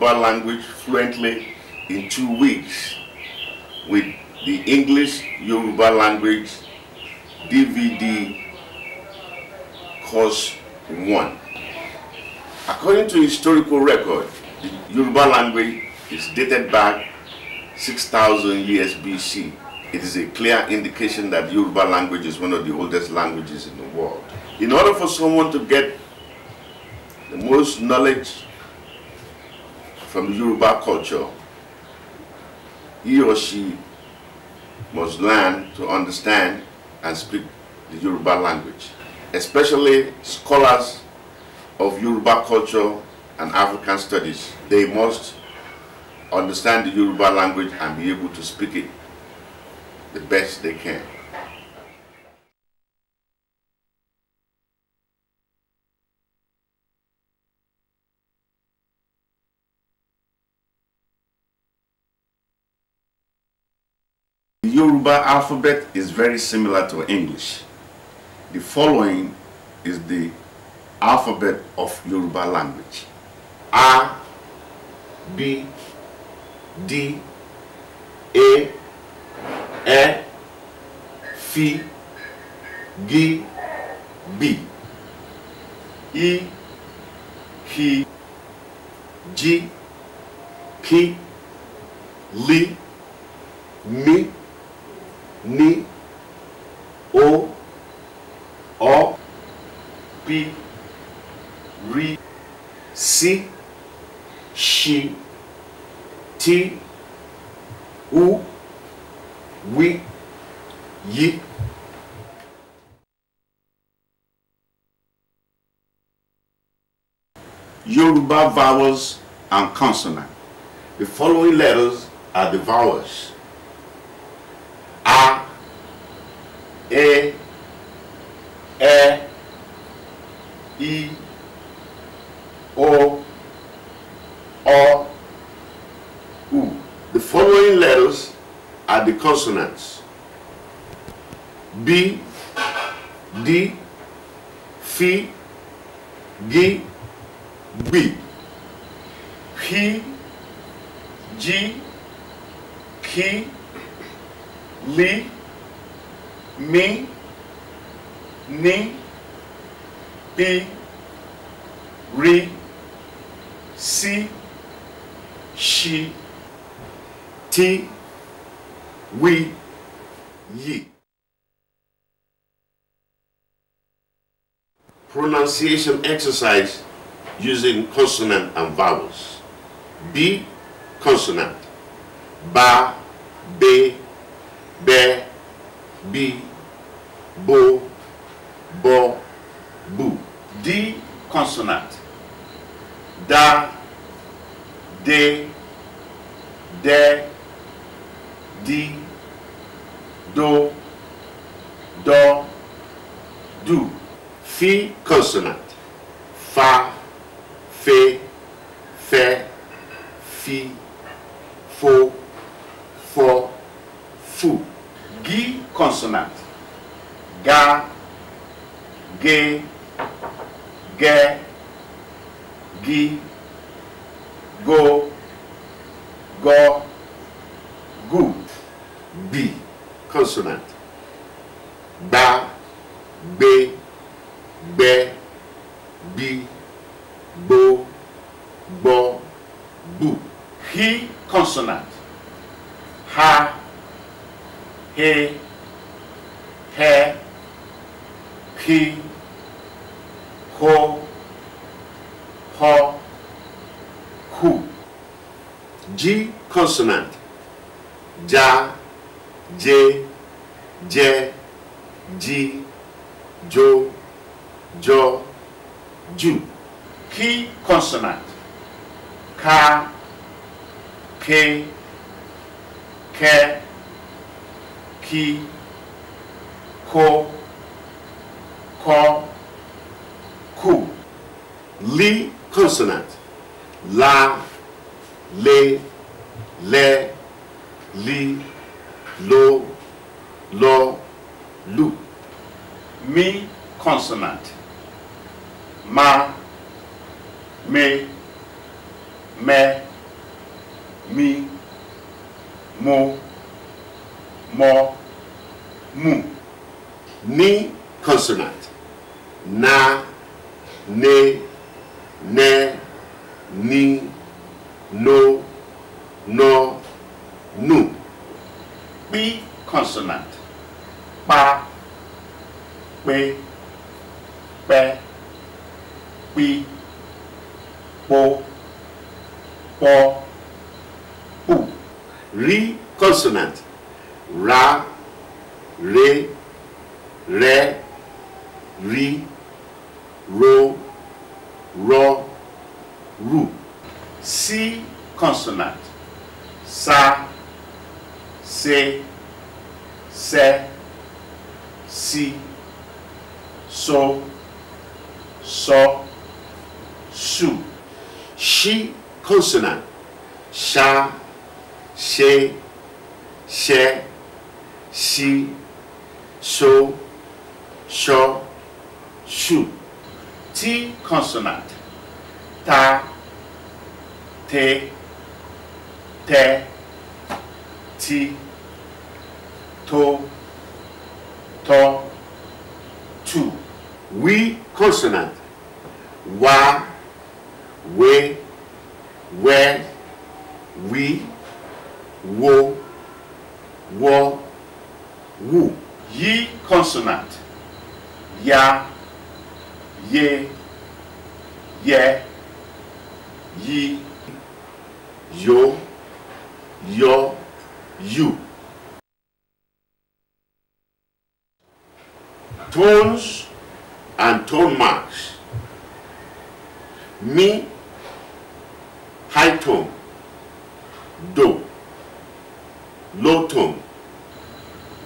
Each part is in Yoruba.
Yoruba language fluently in two weeks with the English Yoruba language DVD course 1. According to historical record, the Yoruba language is dated back 6,000 years BC. It is a clear indication that Yoruba language is one of the oldest languages in the world. In order for someone to get the most knowledge from Yoruba culture, he or she must learn to understand and speak the Yoruba language, especially scholars of Yoruba culture and African studies. They must understand the Yoruba language and be able to speak it the best they can. Yoruba alphabet is very similar to English. The following is the alphabet of Yoruba language. A, B, D, A, E, F, G, B, E, H, G, K, L, M, ní O ọ bí rí sí ṣi tí ú wí yí. Yoruba vowels and consonants. The following letters are the vowels. e ẹ e, i o ọ u. The following letters are the consonants b d fi gi gbi hi ji ki li. mi, ni, pi, ri, si, she, ti, Wi, Yi. Pronunciation exercise using consonant and vowels. B, consonant. Ba, be, be, be, bo, bo, bu. D consonant. Da, de, de, di, do, do, do. Fi consonant. Fa, fe, fe, fi, fo, fo, fu. Gi consonant ga ge gẹ gi go go, gu bì consonant gba gbe gbẹ bi gbo gbọ gbu hi consonant ha he he ki ho ho hu g consonant ja j jẹ jí Jo, Jo, jù key consonant ka ke kẹ ki ko kọ ku li consonant la le lẹ li lo lo, lu mi consonant ma me me, mi mo mo, mu ni consonant na ne ne ni no no nu. p consonant pa pe pe pi po po pu. rí consonant ra re re rí. Re, ro, rọ, ru. C consonant. Sa, se, se, si, so, so, su. Ṣí consonant. Ṣá, ṣe, ṣẹ, ṣí, so, ṣọ, ṣù. T consonant. Ta, te, te, ti, to, to, tu. We consonant. Wa, we, where, we, wo, wo, woo. Yi consonant. Ya, yé yẹ yí Yo, yọ yù. Tones and tone marks. Mi, high tone. Do, low tone.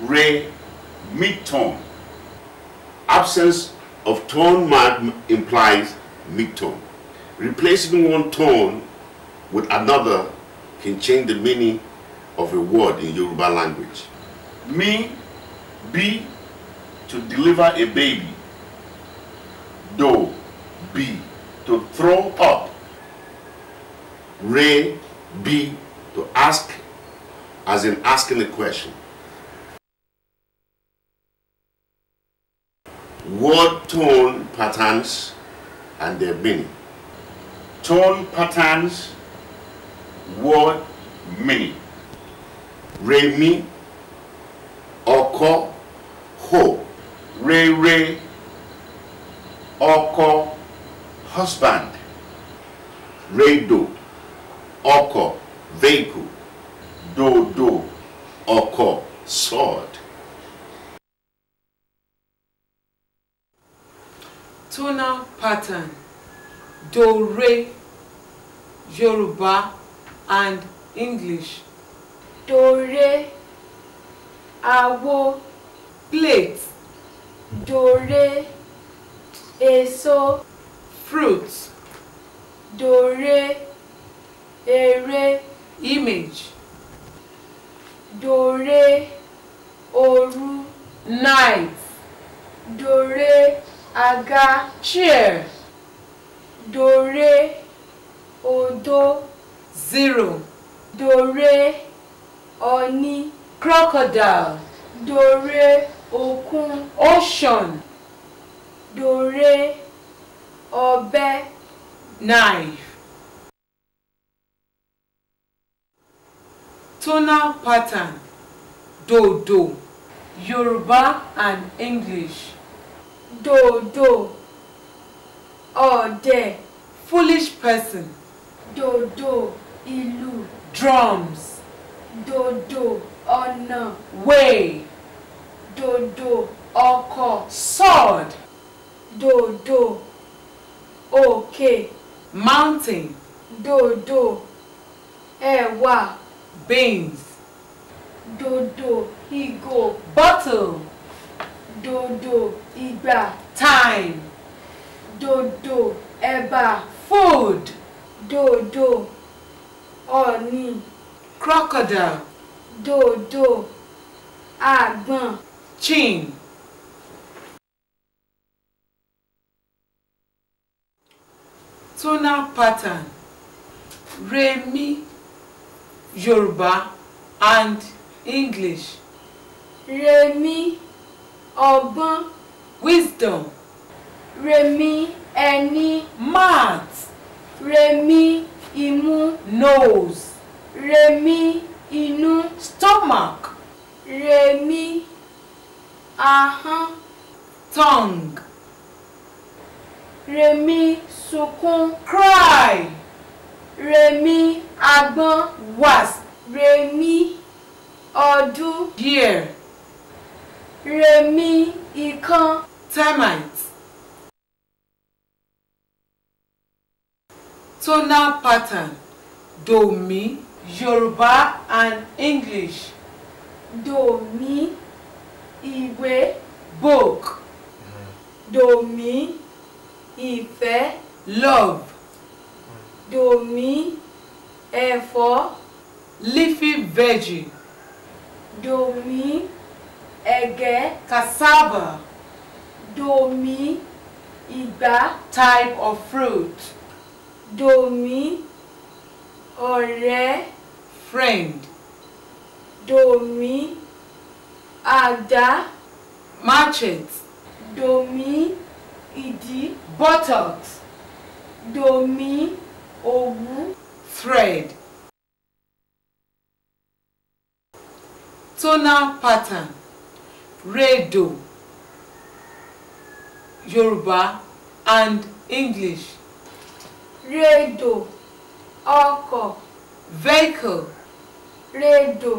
Re, mid tone. Absence of tone mark implies mid tone. Replacing one tone with another can change the meaning of a word in Yoruba language. Me, be, to deliver a baby. Do, be, to throw up. Re, be, to ask, as in asking a question. Word tone patterns and their meaning. Tone patterns, word meaning. Re oko, ho. Re re, oko, husband. Re do, oko, vehicle. Do do, oko, sword. tonal pattern do re Yoruba and English. do re awo plate do re èso fruit do re ère image do re òru night do re. aga chair dore odo zero dore oni, crocodile dore okun, ocean dore obe knife tonal pattern dodo Yoruba and English. Dodo. Oh ọ̀dẹ̀. foolish person. Dodo. ìlù. drums. dòdò ọ̀nà. way. Dodo. Oko. sword. Dodo. òkè. Okay. mountain. Dodo. Ewa. beans. Dodo. ìgò. bottle. Dodo, ìgbà time Dodo, Eba. food Dodo, Oni. crocodile Dodo, àgbọn chin. tonal pattern re mi Yoruba and English. re ọgbọ́n wisdom. remi ẹni. mouth. remi imu nose. remi inu stomach. remi ahọ́n. tongue. remi sunkún. cry. remi agbọ́n. wasp. remi ọdún. deer rèmi ikán. termite tonal pattern domi Yorùbá and English. domi ìwé. book. domi ìfẹ́. love. domi ẹ̀fọ́. leafy veggie. domi ẹ̀gẹ́ cassava domi ìgbá type of fruit domi ọ̀rẹ́ friend domi ada, machete domi idi, buttocks domi òwú thread tonal pattern Redo, Yoruba and English. Redo, ọkọ̀. Vehicle. Redo,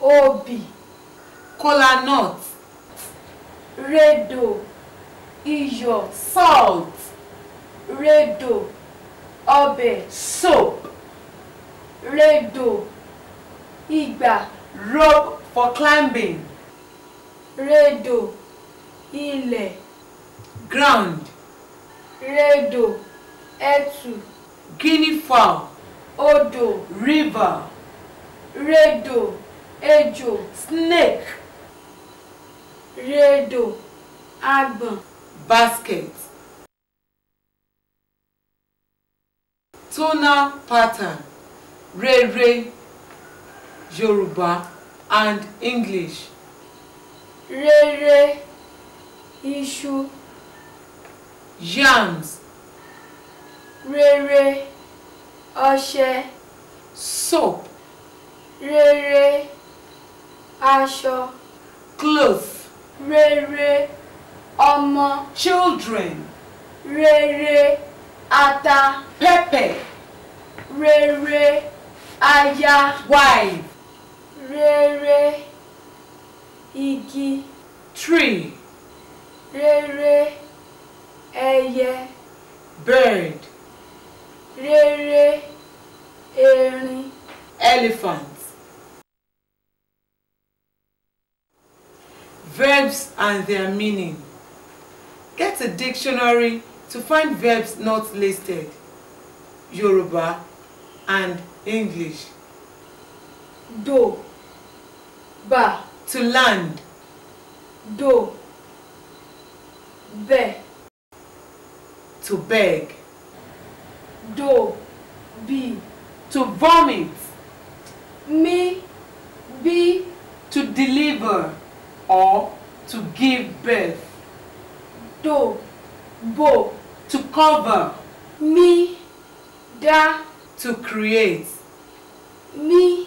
Obi, Kola nut. Redo, iyọ̀. Salt. Redo, ọbẹ̀. Soap. Redo, Igba, Rope for climbing redò ilẹ̀. ground. redò ẹtù. guinea fowl. odò. river. redò ejò. snake. redò agbọ̀n. basket. tonal pattern rere Yorùbá and English rere iṣu yams rere ọṣẹ soap rere aṣọ cloth rere ọmọ children rere ata pepper rere aya wife rere igi tree rere ẹyẹ bird rere erin elephant verbs and their meaning get a dictionary to find verbs not listed Yoruba and English do ba to land. Do. Be. To beg. Do. Be. To vomit. Me. Be. To deliver or to give birth. Do. Bo. To cover. Me. Da. To create. Me.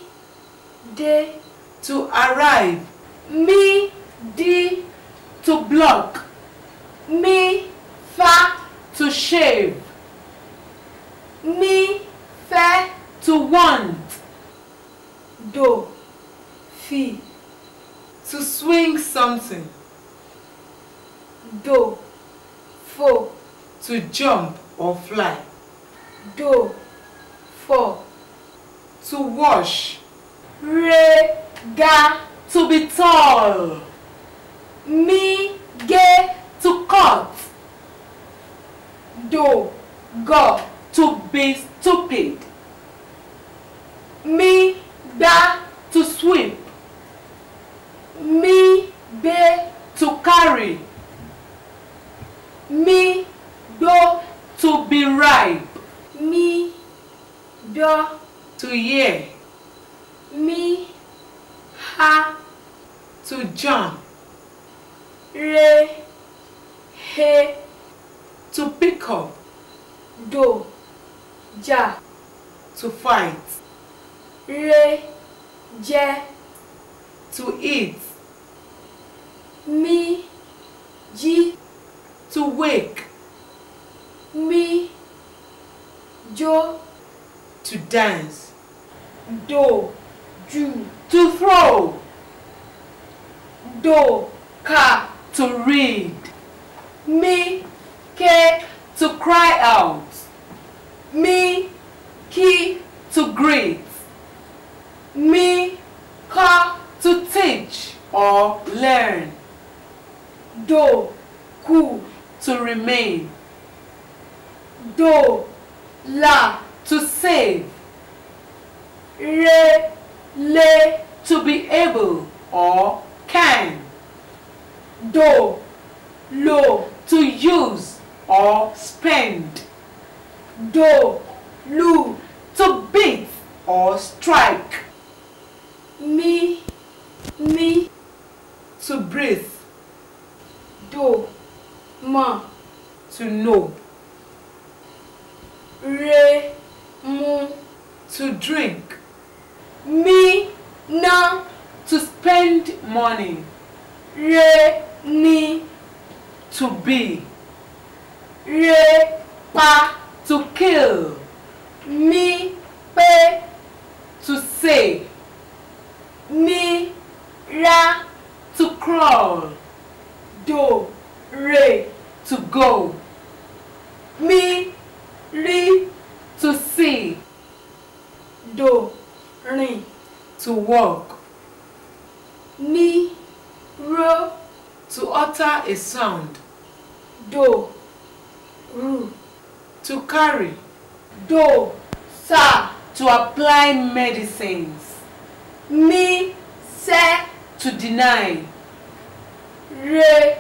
De. To arrive mi di to block mi fa to shave mi fẹ́ to want do fi to swing something do fo to jump or fly do fo to wash re ga to be tall. me ge, to cut. Do, go, to be stupid. Me da to sweep. Me be to carry. Me do to be ripe. Me do, to hear. Me ha, to jump, re, he, to pick up, do, ja, to fight, re, je, to eat, mi, ji, to wake, mi, jo, to dance, do, ju, to throw. Do. Ka. To read. Mi. Ke. To cry out. Mi. Ki. To greet. Mi. Ka. To teach or learn. Do. Ku. To remain. Do. La. To save. Re. Le. To be able or can, do, lo to use or spend. Do, lu to beat or strike. Me me to breathe. Do, ma to know. Re, mu to drink. Me na to spend money re ni to be re pa to kill mi pe to say mi ra to crawl do re to go mi ri to see do rin to walk mi, ro, to utter a sound. Do, ru, to carry. Do, sa, to apply medicines. Mi, se, to deny. Re,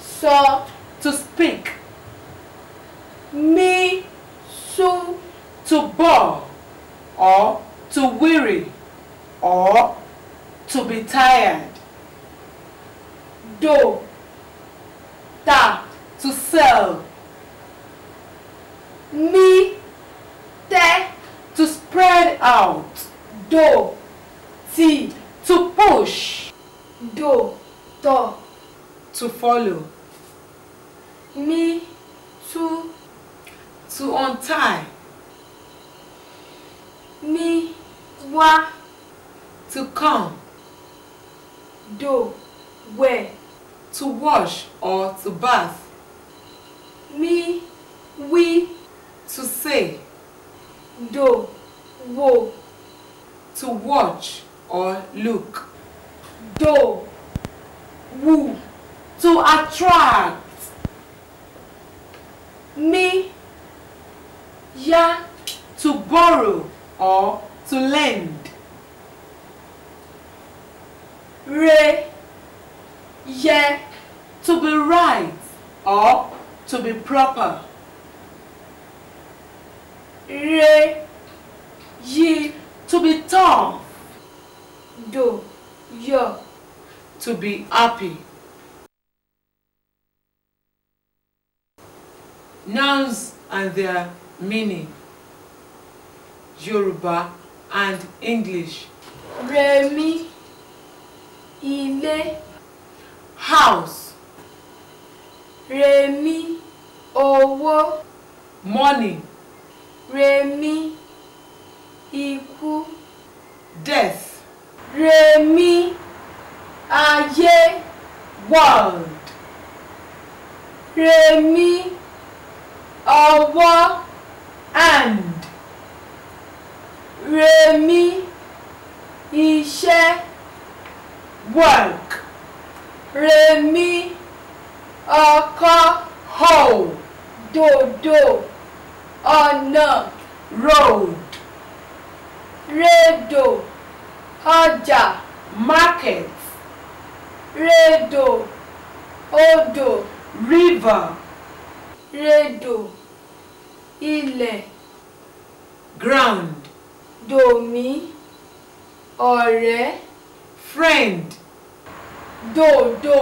so, to speak. Mi, su, to bore, or to weary, or to be tired. Do, ta, to sell. Ni, te, to spread out. Do, ti, to push. Do, to, to follow. Ni, To. to untie. Ni, wa, to come do, where, to wash or to bath. Me, we, to say. Do, wo, to watch or look. Do, wo, to attract. Me, ya, to borrow or to lend re, ye, to be right or to be proper. Re, ye, to be tough. Do, yo, to be happy. Nouns and their meaning. Yoruba and English. Remi ilé house remi owó money remi ikú death remi ayé world remi ọwọ́ and remi iṣẹ́. work. Remi. mi Ho dodo ọ̀nà road. Redo ọjà market. Redo odò river. Redo ilẹ̀ ground. Domi ọ̀rẹ́ friend Dodo,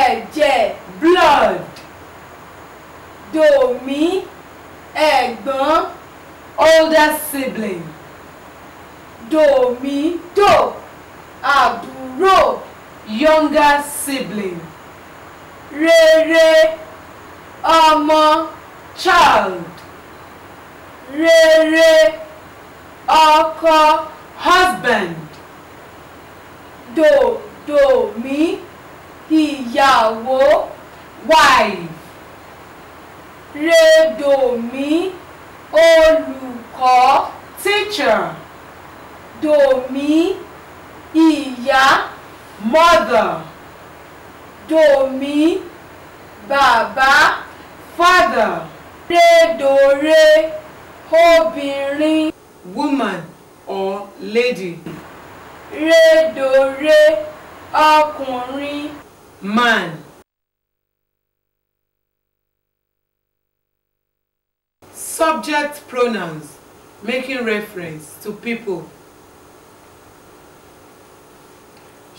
ẹ̀jẹ̀ blood dòmí ẹ̀gbọ́n older sibling Domi, dòmídò àbúrò younger sibling rere ọmọ child rere ọkọ husband dòmí dòmí ìyàwó wife rèdòmí olùkọ́ teacher dòmí ìyá mother dòmí bàbá father Redore obìnrin woman or lady Redore ọkùnrin man. Subject pronouns making reference to people.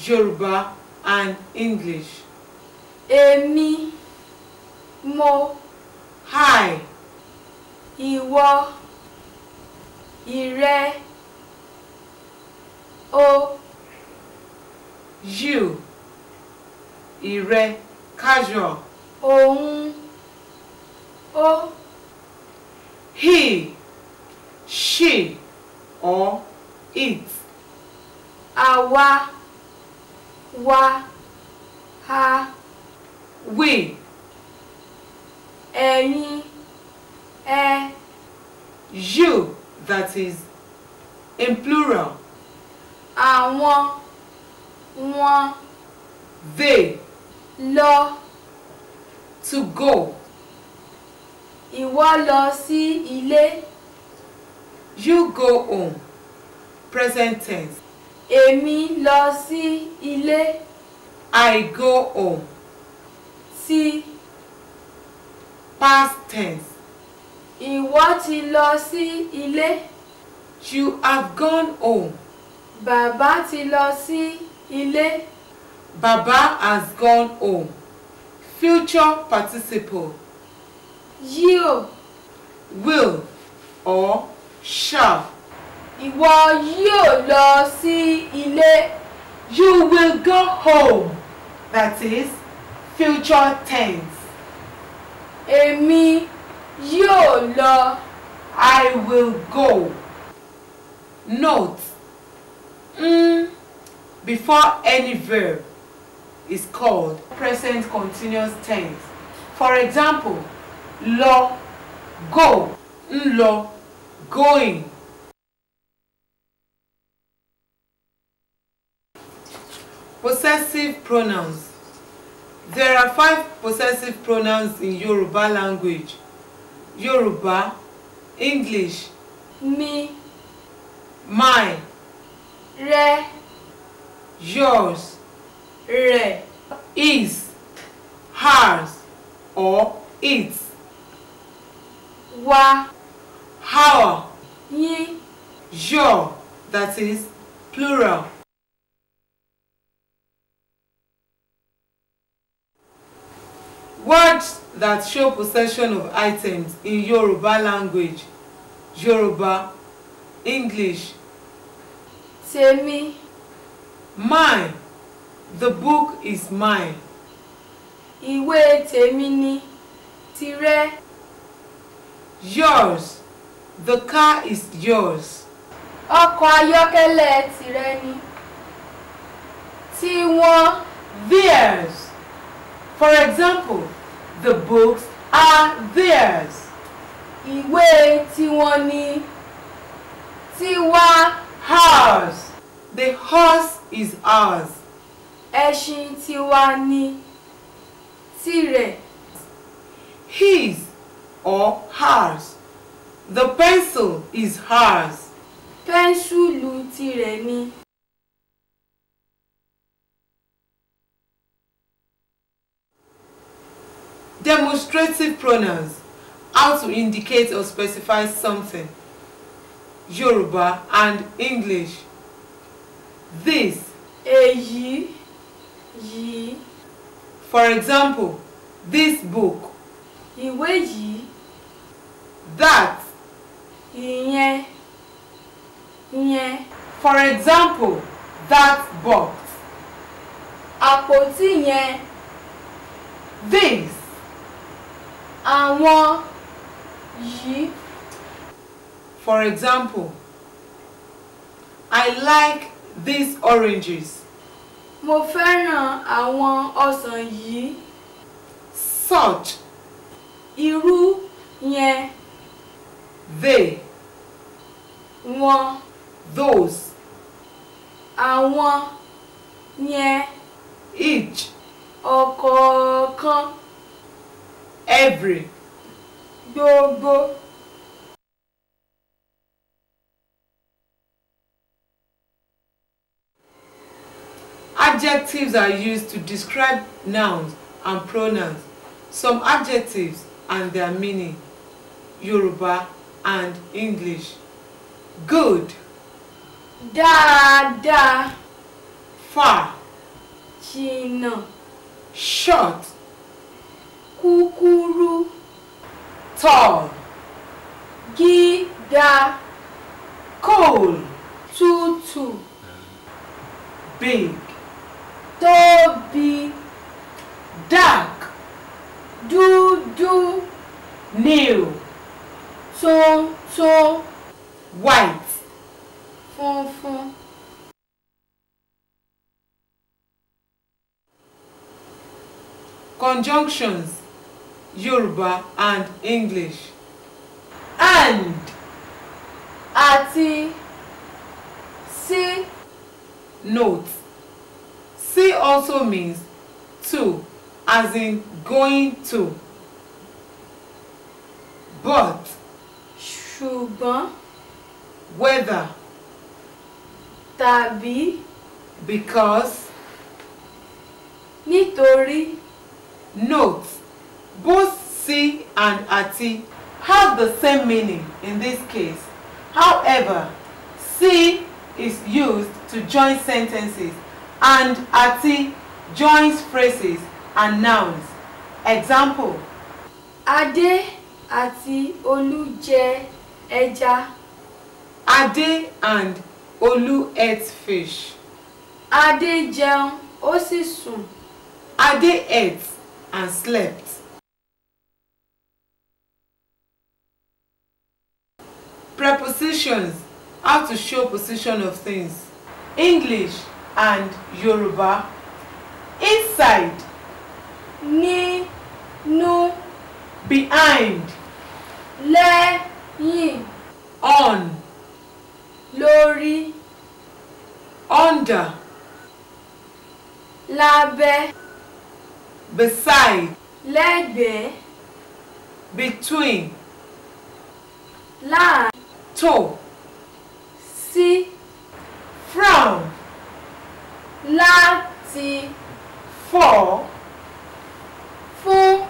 Yorùbá and English. Èmi, mo, Hi, ìwọ, ìrẹ, o you ìrẹ casual. òun ó. he she or it. àwa wa a. we ẹ̀yin ẹ. you that is in plural. àwọn wọ́n they lọ to go ìwọ lọ sí ilé you go home present tense èmi lọ sí ilé i go home ti past tense ìwọ ti lọ sí ilé you have gone home bàbá ti lọ sí ilé ilé baba has gone home future participle yóò will or shall. ìwọ yóò lọ sí ilé. you will go home that is future tense. èmi yóò lọ. I will go. Note. Mm before any verb is called present continuous tense. For example, lọ, go, ń going. Possessive pronouns. There are five possessive pronouns in Yoruba language. Yoruba, English, me, my, re yours, re, is, hers or its. Wa, our, ye, your that is plural. Words that show possession of items in Yoruba language, Yoruba, English. me mine the book is mine. ìwé tèmi ni tirẹ̀. yours the car is yours. ọkọ̀ ayọ́kẹ́lẹ́ tirẹ̀ ni. tiwọn. theirs. for example the books are theirs. ìwé tiwọn ni. tiwa. ours. the horse is ours. Ẹṣin tiwa ni tirẹ̀. His or hers. The pencil is hers. Pẹ́ńsùlù tirẹ̀ ni. Demonstrative pronouns how to indicate or specify something. Yoruba and English this èyí yìí for example this book Iwe yìí that ìyẹn ìyẹn for example that box àpótí yẹn this àwọn yìí for example I like these oranges? Mo fẹ́ràn àwọn ọsàn yìí. Such. Irú yẹn. They. Wọn. Those. Àwọn yẹn. Each. Ọ̀kọ̀ọ̀kan. Every. Gbogbo. Adjectives are used to describe nouns and pronouns. Some adjectives and their meaning. Yoruba and English. Good. Da da. Far. Jìnnà. Short. Kukuru. Tall. Gida. Cold. Tutu. Big be dark Do do dúdú So so white funfun. Conjunctions Yoruba and English. And àti sí note. See also means to, as in going to. But. Ṣùgbọ́n. Whether. tabi, Because. nitori, Note, both sí and Ati have the same meaning in this case. However, sí is used to join sentences and ati joins phrases and nouns example. Ade ati olu je eja. Ade and olu ate fish. Ade jẹun ó sì sùn. Adé ate and slept. Prepositions how to show position of things. English and Yoruba. Inside, nínú, behind, lẹ́yìn, on, lórí, under, lábẹ́, beside, lẹ́gbẹ̀ẹ́, between, láàrin, to, sí, from láti for fún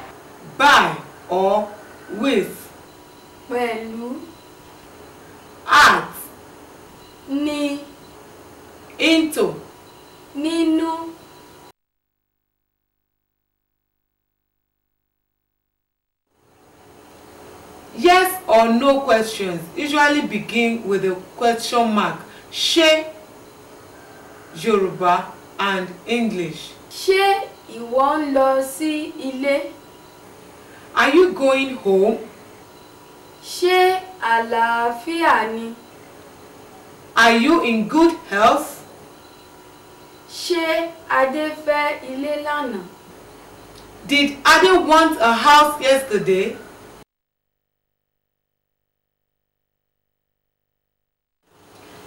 by or with pẹ̀lú at ni into nínú. Yes or no questions usually begin with a question mark. Ṣé Yorùbá and English. Ṣé ìwọ ń lọ sí ilé? Are you going home? Ṣé àlàáfíà ni? Are you in good health? Ṣé Adé fẹ́ ilé lánàá? Did Adé want a house yesterday?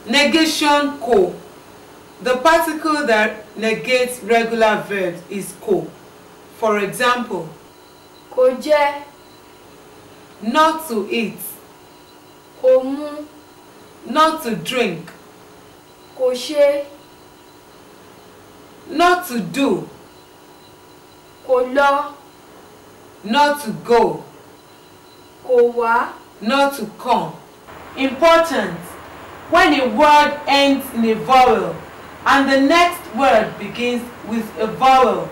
Negation Co. The particle that negates regular verbs is ko. For example, kò jẹ. Not to eat. Kò mu. Not to drink. Kò ṣe. Not to do. Kò lọ. Not to go. Kò wá. Not to come. Important. When a word ends in a vowel, and the next word begins with a vowel.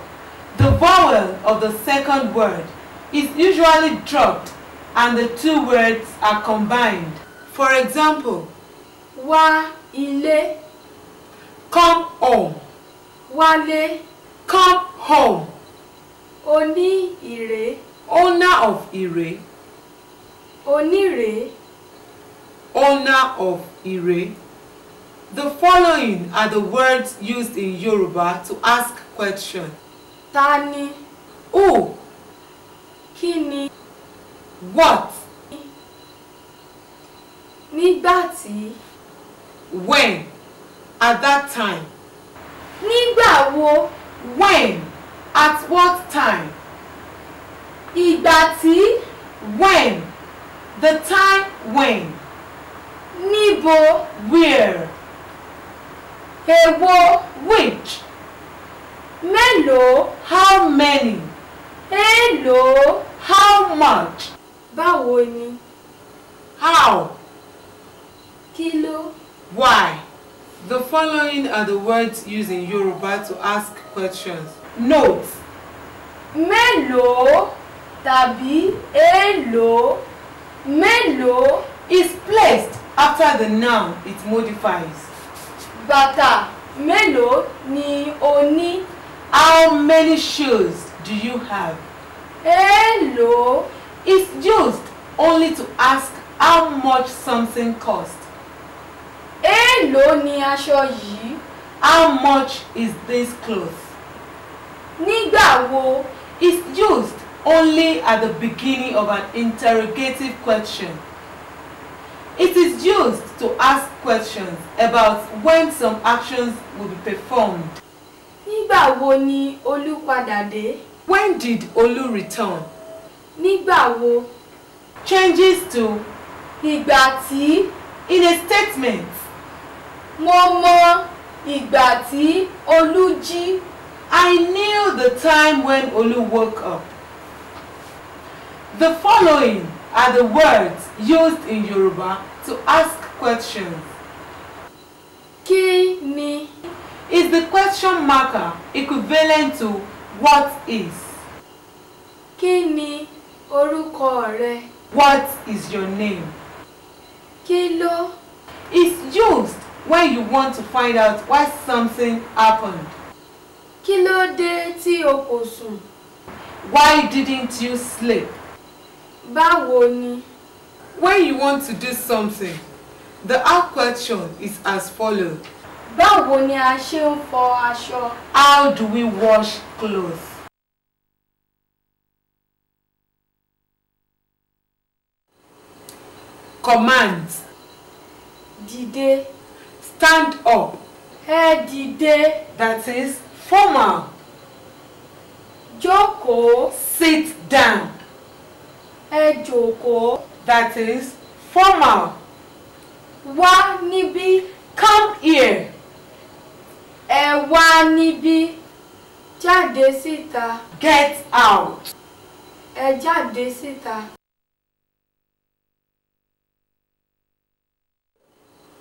The vowel of the second word is usually dropped and the two words are combined. For example, wa ile. come home wálé come home Oni ire. owner of ìrè onírè owner of ire. The following are the words used in Yoruba to ask question. Tani, Who? Kini, What? Nígbà When? At that time. Nígbà When? At what time? Ìgbà When? The time when? Nibo, Where? èwo which Melo, how many Hello, how much. báwo ni. how. Kilo. why. The following are the words used in Yoruba to ask questions. Note. Melo, tabi, èló. Melo is placed after the noun it modifies bàtà mélòó ni o ní? How many shoes do you have? Hello, it's used only to ask how much something costs. Hello, ni aṣọ yìí? How much is this cloth? Nígbà wo is used only at the beginning of an interrogative question. It is used to ask questions about when some actions will be performed. Nígbà wo ni Olú padà dé? When did Olú return? Nígbà wo? Changes to ìgbà tí in a statement. Mo mọ ìgbà tí Olú jí. I knew the time when Olú woke up. The following are the words used in Yoruba to ask questions. Kí ni is the question marker equivalent to what is? Kí ni orúkọ rẹ? What is your name? Kilo is used when you want to find out why something happened. Kilo de ti tí o kò Why didn't you sleep? Báwo ni? When you want to do something, the how question is as follows. Báwo ni a ṣe ń fọ aṣọ? How do we wash clothes? Command. Dìde. Stand up. Ẹ dìde. That is formal. Jókòó. Sit down ẹ that is formal. Wa nibi come here. ẹ wá níbí jáde síta. get out. ẹ jáde síta.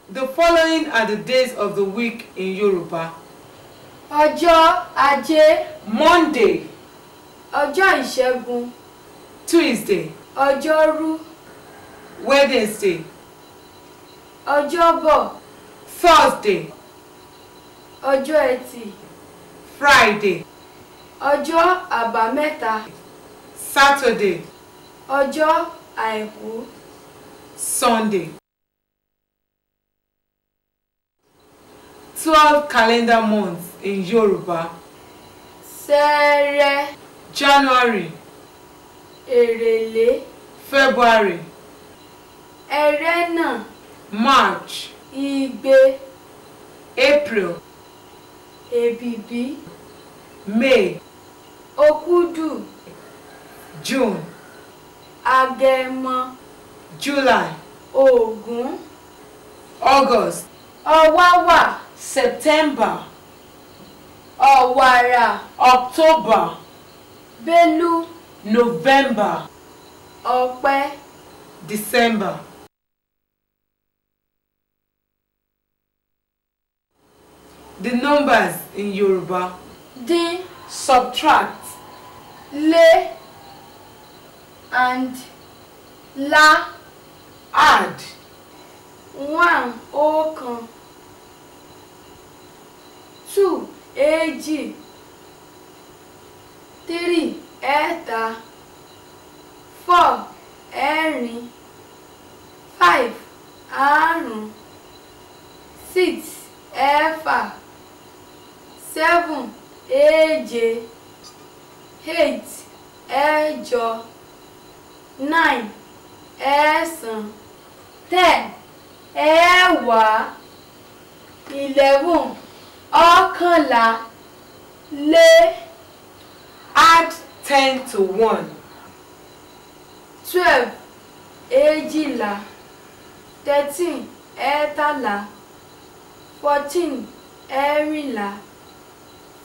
The following are the days of the week in Yoruba. Ọjọ́ Ajé. Monday. Ọjọ́ Ìṣẹ́gun. Tuesday ọjọ́rú. wednesday. ọjọ́bọ̀. thursday. ọjọ́ ẹtì. friday. ọjọ́ àbámẹ́ta. saturday. ọjọ́ àìkú. sunday. twelve calendar months in Yoruba. Sẹ́rẹ́. January èrèlé february ẹrẹ́nà march igbe april èbìbí may òkúdù june agẹmọ july ògún august ọ̀wàwà september ọ̀wàrà october Belu. November. Ọpẹ́. December. The numbers in Yoruba. Dín. Subtract. Lé. And. La. Add. One ọ̀kan. Two èjì. Three ẹẹ́ta four ẹẹ́rin five àrún six ẹẹ́fà seven èje eight ẹ̀jọ nine ẹ̀sán ten ẹ̀wàá eleven ọ̀kànlá lé ten to one. twelve èjìlá thirteen ẹ̀ẹ́tàlá fourteen ẹ̀ẹ́rìnlá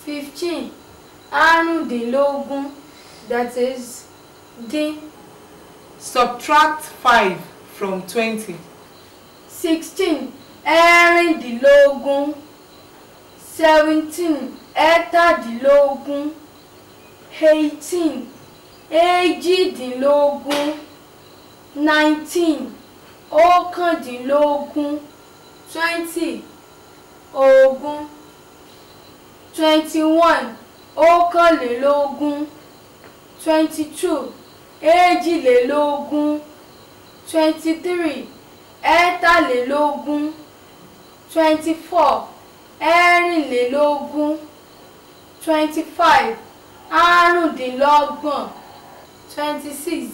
fifteen àrùndínlógún that is dín. subtract five from twenty. sixteen ẹ̀ẹ́rìndínlógún seventeen ẹ̀ẹ́tàdínlógún eighteen èjìdínlógún nineteen ọ̀kàndínlógún twenty ogún twenty one ọ̀kànlélógún twenty two èjìlélógún twenty three ẹ̀ẹ́tàlélógún twenty four ẹ̀rìnlélógún twenty five àrùndínlọ́gbọ̀n twenty six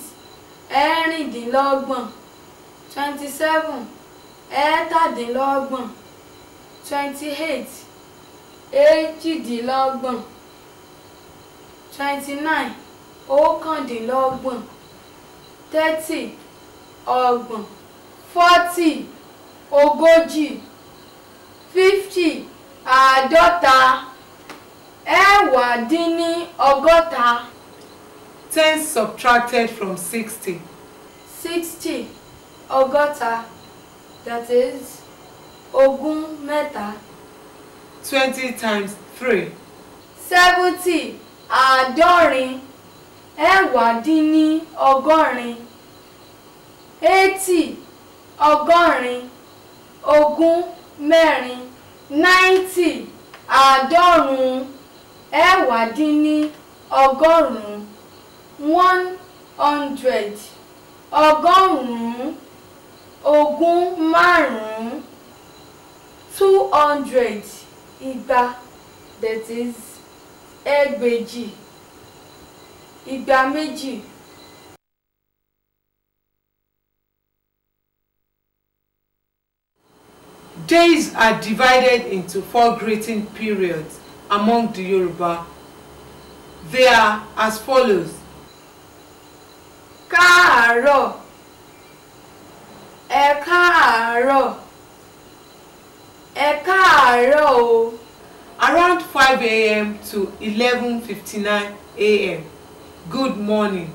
ẹ̀rìndínlọ́gbọ̀n twenty seven ẹ̀ẹ́tàdínlọ́gbọ̀n twenty eight èjìdínlọ́gbọ̀n twenty nine ọ̀kàndínlọ́gbọ̀n thirty ọgbọ̀n forty ogójì fifty àádọ́ta ẹ̀wá dín ní ọgọ́ta. ten subtracted from sixty. sixty ọgọ́ta that is ogún mẹ́ta. twenty times three. seventy àádọ́rin ẹ̀wá dín ní ọgọ́rin eighty ọgọ́rin ogún mẹ́rin ninety àádọ́rùn-ún ẹ̀wá dín ọgọ́rùn-ún one hundred ọgọ́rùn-ún ogún márùn-ún two hundred igba that is ẹgbẹ̀jì igba méjì. Days are divided into four grating periods among the Yoruba. They are as follows. Káàárọ̀ Ẹ káàárọ̀ Ẹ káàárọ̀ Around 5 a.m. to 11.59 a.m. Good morning.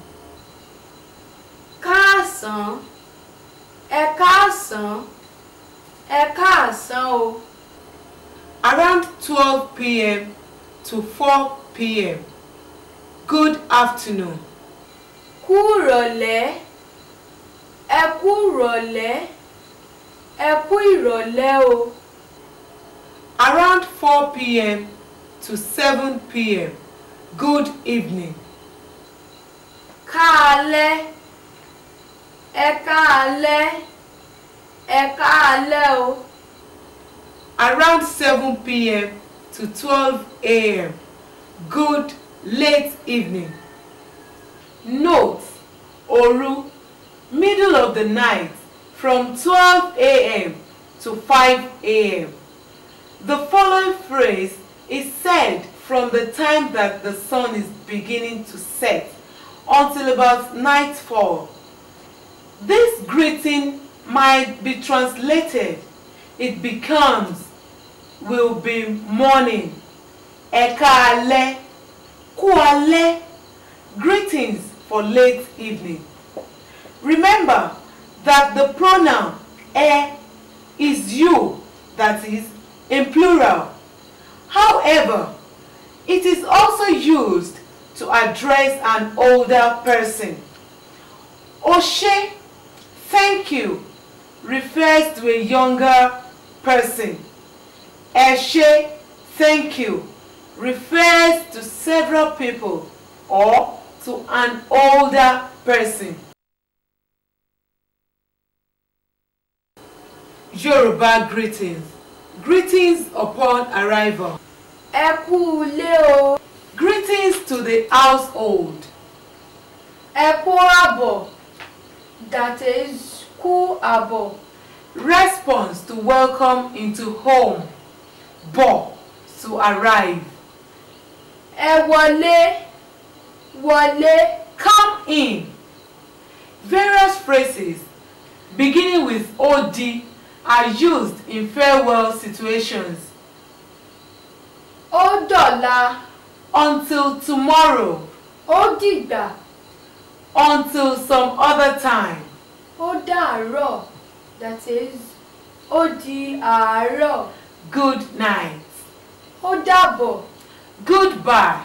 Káàsán Ẹ káàsán Ẹ káàsán o around 12 p.m. to 4 p.m. Good afternoon. Kú ìrọ̀lẹ́. Ẹ o. Around 4 p.m. to 7 p.m. Good evening. Kale, ekale, ekale o around 7 p.m. to 12 a.m. Good late evening. Note, oru middle of the night from 12 a.m. to 5 a.m. The following phrase is said from the time that the sun is beginning to set until about nightfall. This greeting might be translated, it becomes will be morning ẹ̀ka alẹ́ kú alẹ́ greetings for late evening. Remember that the pronoun ẹ e is you that is in plural. However, it is also used to address an older person. Ó thank you refers to a younger person ẹ thank you refers to several people or to an older person. Yoruba greetings. Greetings upon arrival. Eku Leo, Greetings to the household. Ẹ kú That is kú àbọ̀. Response to welcome into home bọ̀ to arrive. ẹ wọlé wọlé come in. various phrases beginning with od are used in farewell situations. ó dọ̀la. until tomorrow. ó dìgbà. until some other time. ó dàárọ̀ that is ó di àárọ̀ good night. Ó dàbọ̀. Goodbye.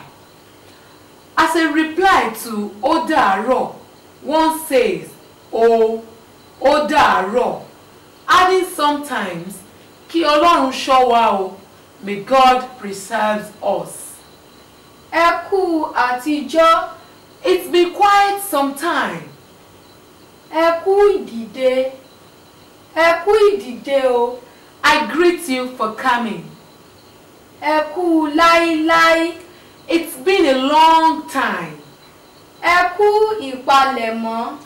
As a reply to ó dàárọ̀, one says o oh, ó dàárọ̀, adding sometimes kí Ọlọ́run ṣọ́ may God preserve us. Eku kú àtijọ́. It's been quite some time. Eku kú Eku Ẹ oh. I greet you for coming. Eku kú láíláí. It's been a long time. Eku kú ìpalẹ̀mọ́.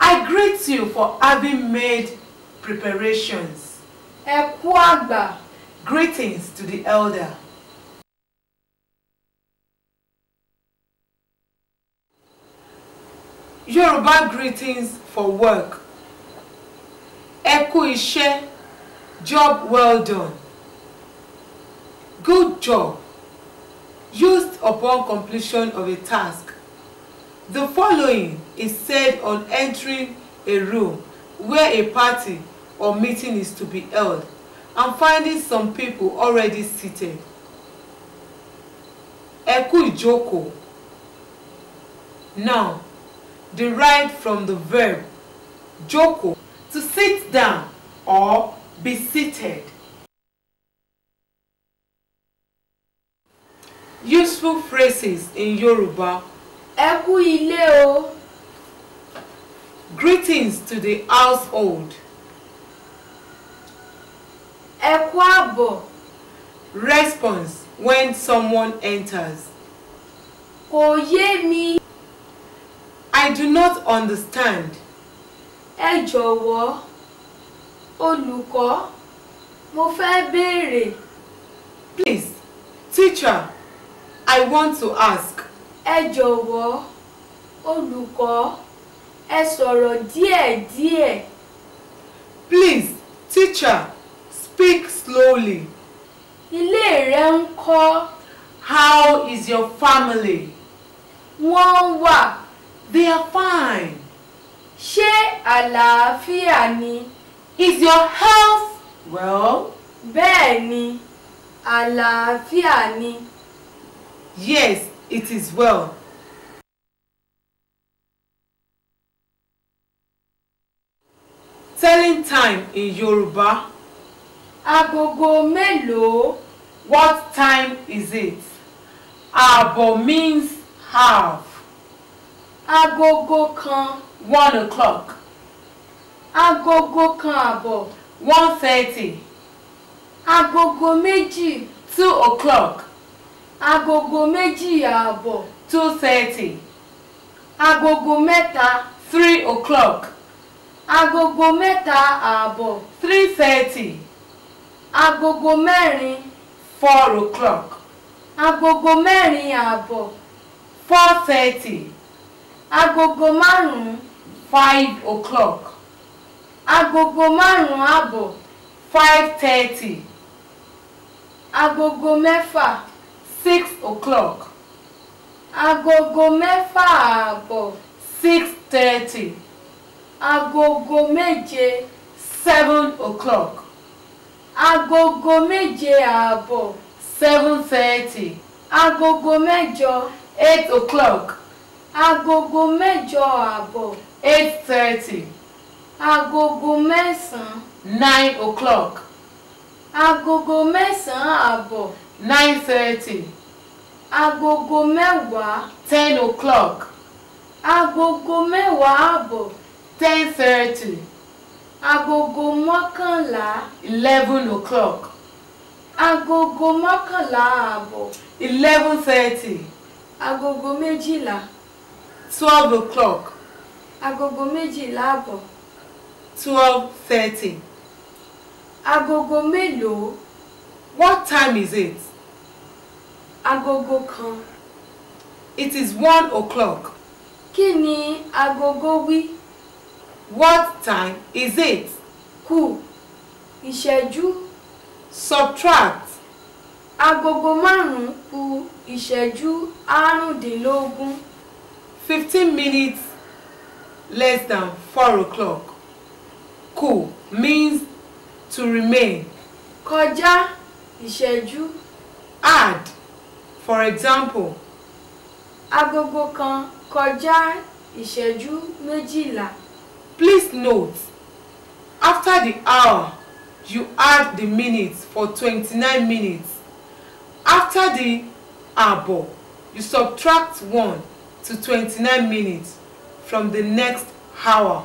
I greet you for having made preparations. Eku agba. Greetings to the elder. Yoruba greetings for work. Eku kú Job well done. Good job. Used upon completion of a task. The following is said on entering a room where a party or meeting is to be held and finding some people already seated. Eku joko. Now, derived from the verb joko to sit down or Be seated. Useful phrases in Yoruba. Eku ile o. Greetings to the household. Ẹ kú Response when someone enters. Kò yé mi. I do not understand. Ẹ jọ̀wọ́. Olùkọ́, mo fẹ́ béèrè. Please, teacher, I want to ask. Ẹ jọ̀wọ́, olùkọ́, ẹ sọ̀rọ̀ díẹ̀díẹ̀. Please, teacher, speak slowly. Ilé rẹ ń kọ́. How is your family? Wọ́n wà. They are fine. Ṣé àlàáfíà ni? Is your health well? Bẹ́ẹ̀ ni, àlàáfíà ni. Yes, it is well. Telling time in Yoruba. Agogo mélòó? What time is it? Abo means half. Agogo kan. One o'clock agogo kan àbọ̀ one thirty agogo méjì two o'clock agogo méjì àbọ̀ two thirty agogo mẹ́ta three o'clock agogo mẹ́ta àbọ̀ three thirty agogo mẹ́rin four o'clock agogo mẹ́rin àbọ̀ four thirty agogo márùn-ún five o'clock agogo márùn-ún àbọ̀ five thirty agogo mẹ́fà six o'clock agogo mẹ́fà àbọ̀ six thirty agogo méje seven o'clock agogo méje àbọ̀ seven thirty agogo mẹ́jọ eight o'clock agogo mẹ́jọ àbọ̀ eight thirty agogo mẹ́sàn-án. nine o'clock. agogo mẹ́sàn-án àbọ̀. nine thirty. agogo mẹ́wàá. ten o'clock. agogo mẹ́wàá àbọ̀. ten thirty. agogo mọ́kànlá. eleven o'clock. agogo mọ́kànlá àbọ̀. eleven thirty. agogo méjìlá. twelve o'clock. agogo méjìlá àbọ̀ twelve thirty. agogo mélòó. what time is it. agogo kan. it is one o'clock. Kini ni agogo wí. what time is it. kù ìṣẹ́jú. subtract. agogo márùn-ún kù ìṣẹ́jú àrùndínlógún. fifteen minutes less than four o'clock ku means to remain. kọjá ìṣẹ́jú. add for example. agogo kan kọjá ìṣẹ́jú mejila. please note after the hour you add the minutes for 29 minutes after the àbọ̀ you subtract one to 29 minutes from the next hour.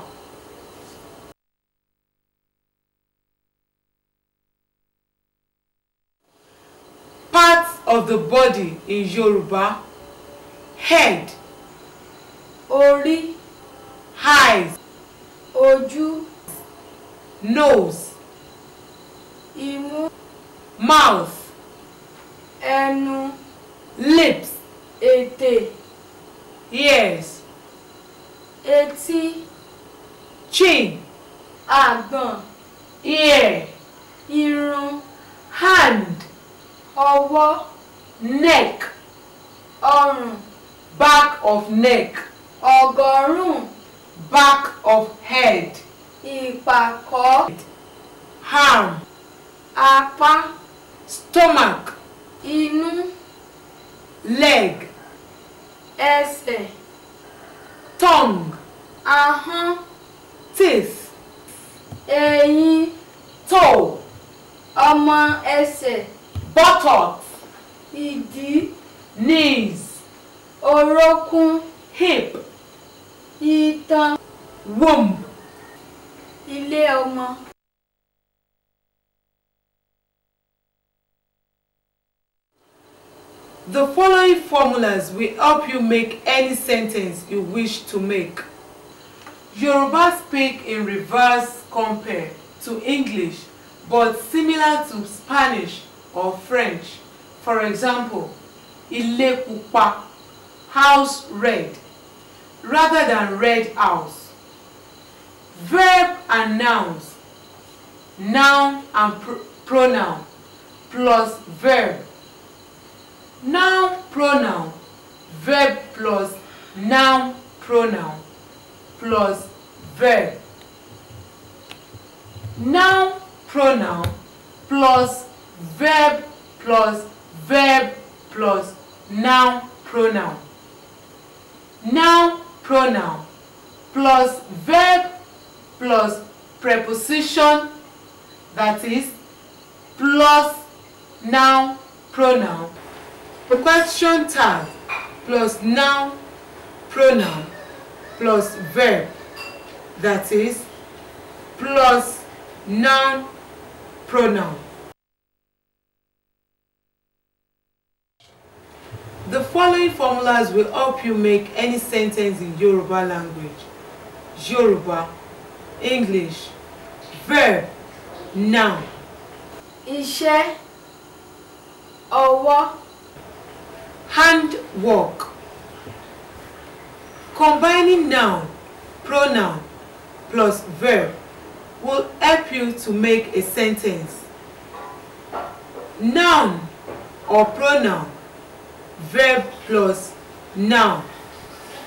Part of the body in Yoruba. Head. ori, Eyes. oju, Nose. imu, Mouth. enu, Lips. ete, Ears. eti, Chin. Àgbọ̀n. Ear. Irun. Hand ọwọ́ neck ọrùn back of neck ọgọ́rùn back of head ìpàkọ́ arm apá stomach inú leg ẹsẹ̀ tongue ahọ́n teeth eyín toe ọmọ ẹsẹ̀ buttocks ìdí knees orókún hip itan womb ilé ọmọ. The following formulas will help you make any sentence you wish to make. Yoruba speak in reverse compare to English, but similar to Spanish or French. For example, ilé pupa, house red, rather than red house. Verb and nouns, noun and pr pronoun plus verb. Noun pronoun, verb plus noun pronoun plus verb. Noun pronoun plus verb plus verb plus noun pronoun noun pronoun plus verb plus preposition that is plus noun pronoun question tag plus noun pronoun plus verb that is plus noun pronoun The following formulas will help you make any sentence in Yoruba language. Yoruba, English, verb, noun. Iṣẹ́, ọwọ́. Hand work. Combining noun, pronoun, plus verb will help you to make a sentence. Noun or pronoun verb plus noun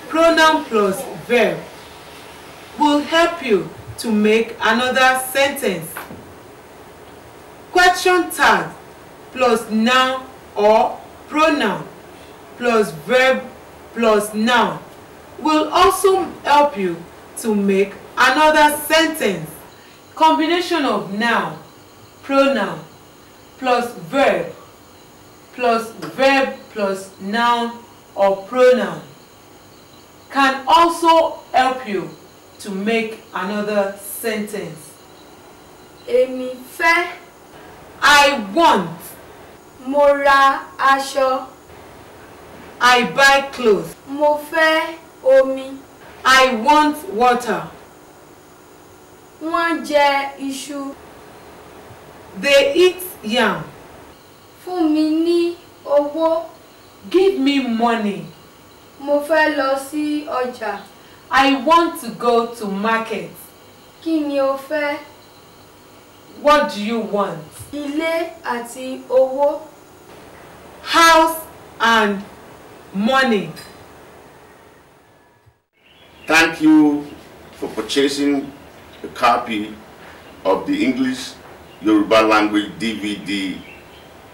pronoun plus verb will help you to make another sentence question tag plus noun or pronoun plus verb plus noun will also help you to make another sentence. Combination of noun, pronoun, plus verb, plus verb plus noun or pronoun can also help you to make another sentence. Èmi fẹ́. I want. Mo ra aṣọ. I buy clothes. Mo fẹ́ omi. I want water. Wọ́n jẹ iṣu. They eat yam. Fún mi ní owó. Give me money. Mo fẹ́ lọ sí ọjà. I want to go to market. Kí ni o fẹ́? What do you want? Ilé àti owó. House and money. Thank you for purchasing a copy of the English Yoruba language DVD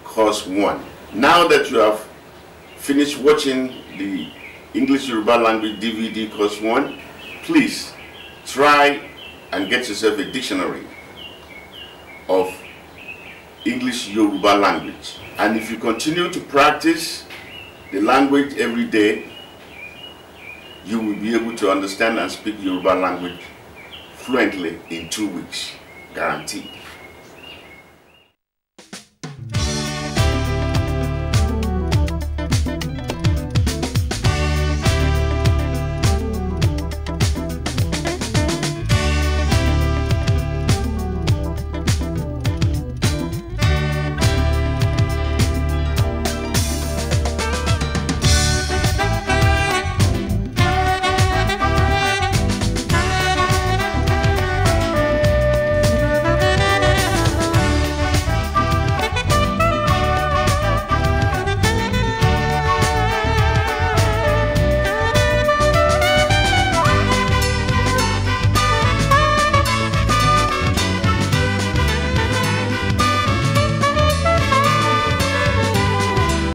course 1. Now that you have finish watching the English Yoruba language DVD course one, please try and get yourself a dictionary of English Yoruba language. And if you continue to practice the language every day, you will be able to understand and speak Yoruba language fluently in two weeks, guaranteed.